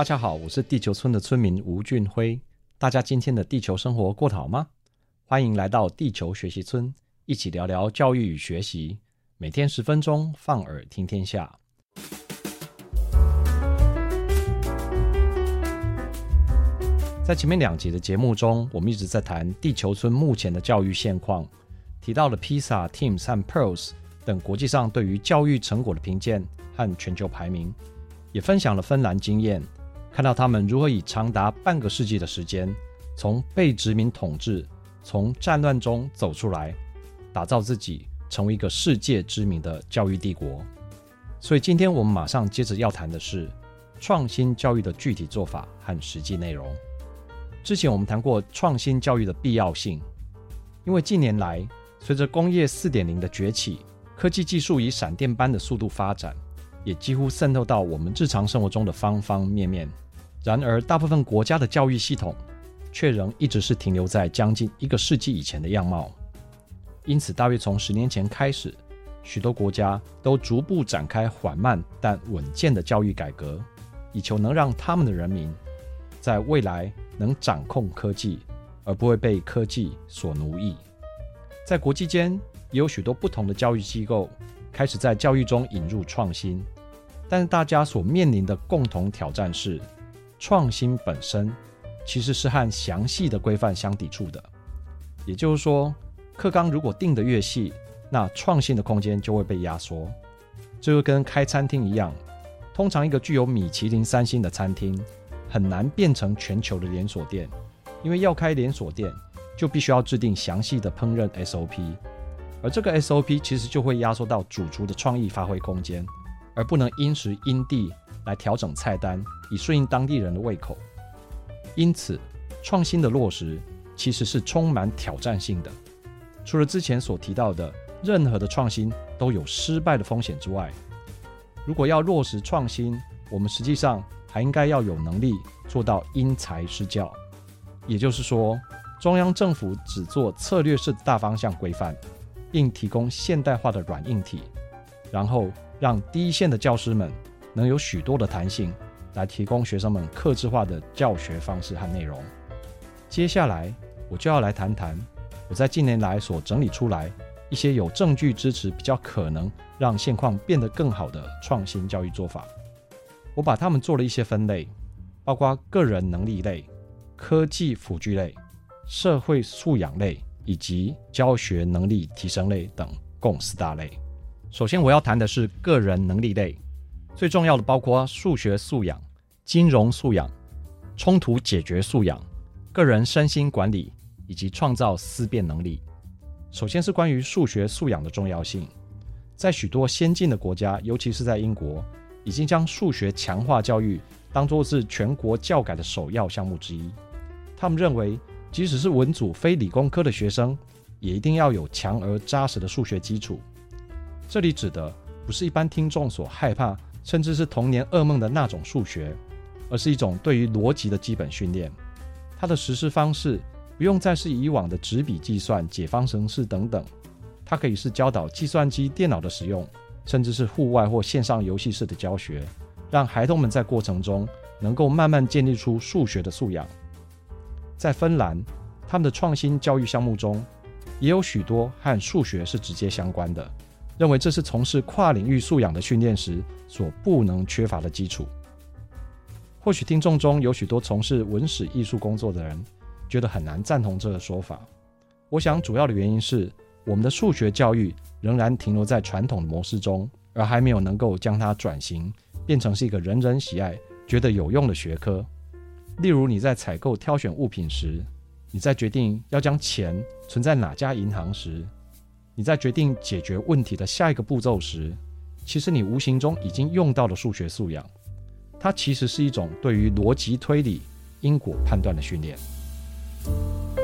大家好，我是地球村的村民吳俊輝。大家今天的地球生活過得好嗎？歡迎來到地球學習村，一起聊聊教育與學習。每天十分鐘，放耳聽天下。在前面兩集的節目中，我們一直在談地球村目前的教育現況，提到了 PISA、TIMSS 和 Pearls 等國際上對於教育成果的評鑑和全球排名，也分享了芬蘭經驗。看到他們如何以長達半個世紀的時間，從被殖民統治、從戰亂中走出來，打造自己成為一個世界知名的教育帝國。所以，今天我們馬上接着要談的是創新教育的具體做法和實際內容。之前我們談過創新教育的必要性，因為近年來隨着工業四點零的崛起，科技技術以閃電般的速度發展。也幾乎滲透到我們日常生活中的方方面面。然而，大部分國家的教育系統卻仍一直是停留在將近一個世紀以前的樣貌。因此，大約從十年前開始，許多國家都逐步展開緩慢但穩健的教育改革，以求能讓他們的人民在未來能掌控科技，而不會被科技所奴役。在國際間，也有許多不同的教育機構。開始在教育中引入創新，但大家所面臨的共同挑戰是，創新本身其實是和詳細的規範相抵觸的。也就是說，課綱如果定得越細，那創新的空間就會被壓縮。這就跟開餐廳一樣，通常一個具有米其林三星的餐廳很難變成全球的連鎖店，因為要開連鎖店，就必須要制定詳細的烹飪 SOP。而這個 SOP 其實就會壓縮到主廚的創意發揮空間，而不能因時因地來調整菜單，以順應當地人的胃口。因此，創新的落實其實是充滿挑戰性的。除了之前所提到的，任何的創新都有失敗的風險之外，如果要落實創新，我們實際上還應該要有能力做到因材施教。也就是說，中央政府只做策略式的大方向規範。並提供現代化的軟硬體，然後讓第一線的教師們能有許多的彈性，來提供學生們客製化的教學方式和內容。接下來，我就要來談談我在近年來所整理出來一些有證據支持、比較可能讓現況變得更好的創新教育做法。我把它們做了一些分類，包括個人能力類、科技輔具類、社會素養類。以及教學能力提升類等，共四大類。首先，我要談的是個人能力類，最重要的包括數學素養、金融素養、衝突解決素養、個人身心管理以及創造思辨能力。首先是關於數學素養的重要性，在許多先進的國家，尤其是在英國，已經將數學強化教育當作是全國教改的首要項目之一。他們認為即使是文組非理工科的學生，也一定要有強而扎實的數學基礎。這裡指的不是一般聽眾所害怕，甚至是童年噩夢的那種數學，而是一種對於邏輯的基本訓練。它的實施方式不用再是以往的紙筆計算、解方程式等等，它可以是教導計算機、電腦的使用，甚至是戶外或線上遊戲式的教學，讓孩童們在過程中能夠慢慢建立出數學的素養。在芬蘭，他們的創新教育項目中，也有許多和數學是直接相關的，認為這是從事跨領域素養的訓練時所不能缺乏的基礎。或許聽眾中有許多從事文史藝術工作的人，覺得很難贊同這個說法。我想，主要的原因是我們的數學教育仍然停留在傳統的模式中，而還沒有能夠將它轉型，變成是一個人人喜愛、覺得有用的學科。例如，你在採購挑選物品時，你在決定要將錢存在哪家銀行時，你在決定解決問題的下一個步驟時，其實你無形中已經用到了數學素養。它其實是一種對於邏輯推理、因果判斷的訓練。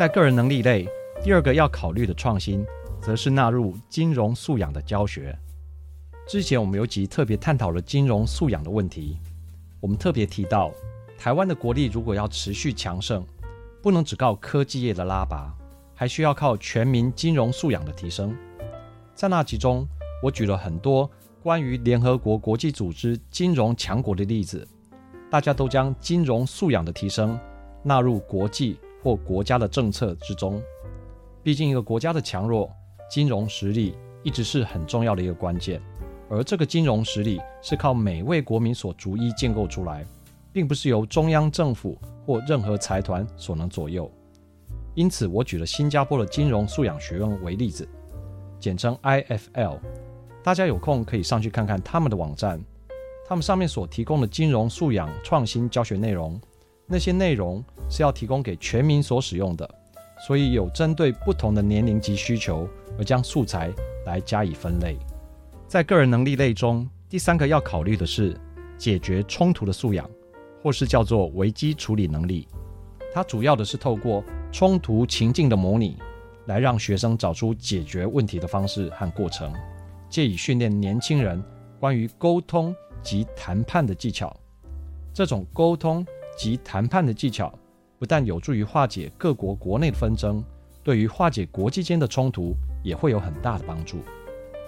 在個人能力類，第二個要考慮的創新，則是納入金融素養的教學。之前我們有集特別探討了金融素養的問題，我們特別提到，台灣的國力如果要持續強盛，不能只靠科技業的拉拔，還需要靠全民金融素養的提升。在那集中，我舉了很多關於聯合國國際組織金融強國的例子，大家都將金融素養的提升納入國際或國家的政策之中，畢竟一個國家的強弱，金融實力一直是很重要的一個關鍵，而這個金融實力是靠每位國民所逐一建構出來，並不是由中央政府或任何財團所能左右。因此，我舉了新加坡的金融素養學院為例子，簡稱 IFL，大家有空可以上去看看他們的網站，他們上面所提供的金融素養創新教學內容。那些內容是要提供給全民所使用的，所以有針對不同的年齡及需求而將素材來加以分類。在個人能力類中，第三個要考慮的是解決衝突的素養，或是叫做危機處理能力。它主要的是透過衝突情境的模擬，來讓學生找出解決問題的方式和過程，借以訓練年輕人關於溝通及談判的技巧。這種溝通。及談判的技巧，不但有助於化解各國國內的紛爭，對於化解國際間的衝突也會有很大的幫助。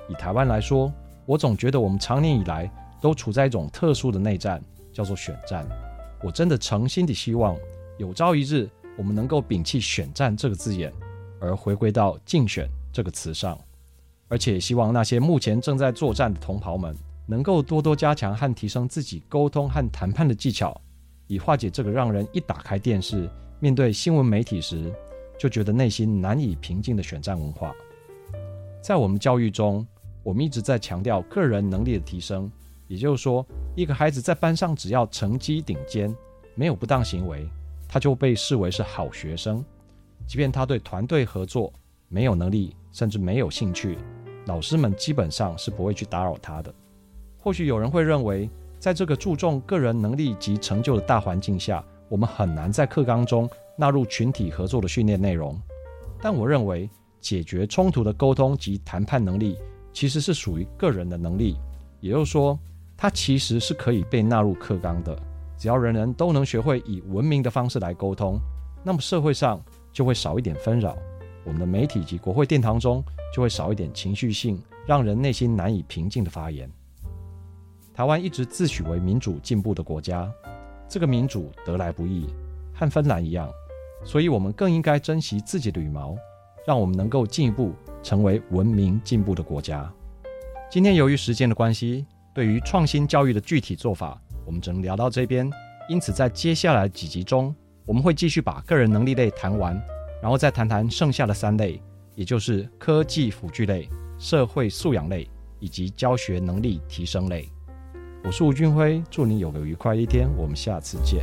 以台灣來說，我總覺得我們常年以來都處在一種特殊的內戰，叫做選戰。我真的誠心地希望，有朝一日我們能夠摒棄“選戰”這個字眼，而回歸到“競選”這個詞上。而且希望那些目前正在作戰的同袍們，能夠多多加強和提升自己溝通和談判的技巧。以化解這個讓人一打開電視，面對新聞媒體時，就覺得內心難以平靜的選戰文化。在我們教育中，我們一直在強調個人能力的提升，也就是說，一個孩子在班上只要成績頂尖，沒有不當行為，他就被視為是好學生，即便他對團隊合作沒有能力，甚至沒有興趣，老師們基本上是不會去打擾他的。或許有人會認為，在這個注重個人能力及成就的大環境下，我們很難在課綱中納入群體合作的訓練內容。但我認為，解決衝突的溝通及談判能力，其實是屬於個人的能力，也就是說，它其實是可以被納入課綱的。只要人人都能學會以文明的方式來溝通，那麼社會上就會少一點紛擾，我們的媒體及國會殿堂中就會少一點情緒性，讓人內心難以平靜的發言。台灣一直自詡為民主進步的國家，這個民主得來不易，和芬蘭一樣，所以我們更應該珍惜自己的羽毛，讓我們能夠進一步成為文明進步的國家。今天由於時間的關係，對於創新教育的具體做法，我們只能聊到這邊。因此，在接下來幾集中，我們會繼續把個人能力類談完，然後再談談剩下的三類，也就是科技輔具類、社會素養類以及教學能力提升類。我是吳俊輝，祝你有個愉快一天，我們下次見。